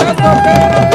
Let's go,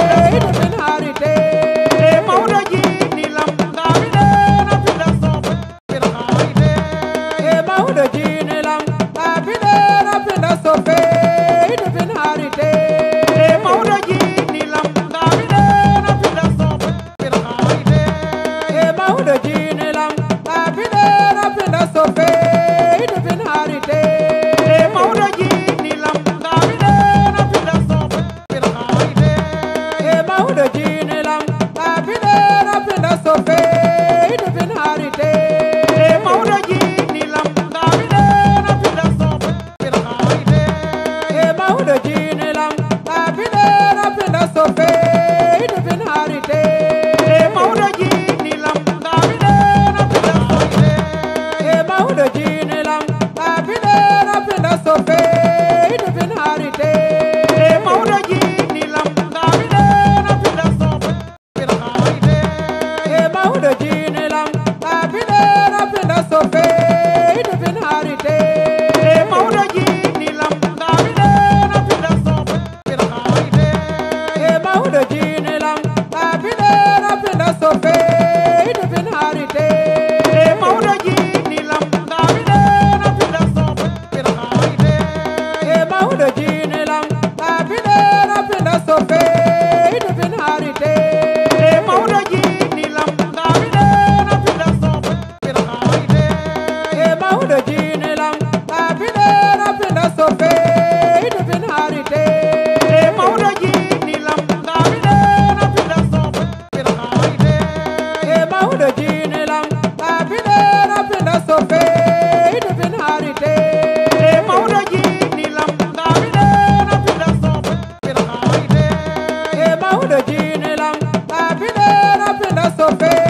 tope.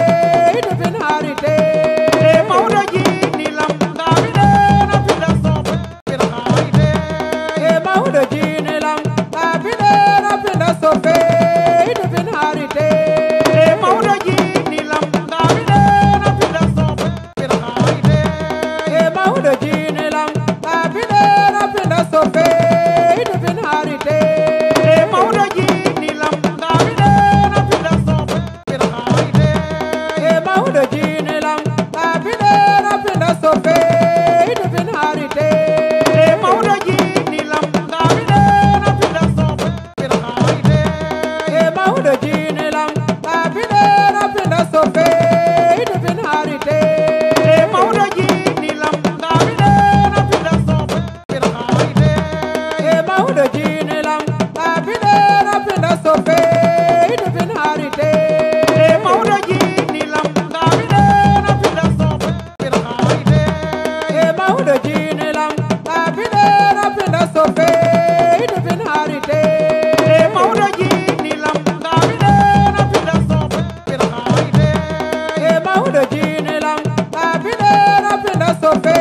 doji nilam abide na pinda sofe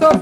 Pastor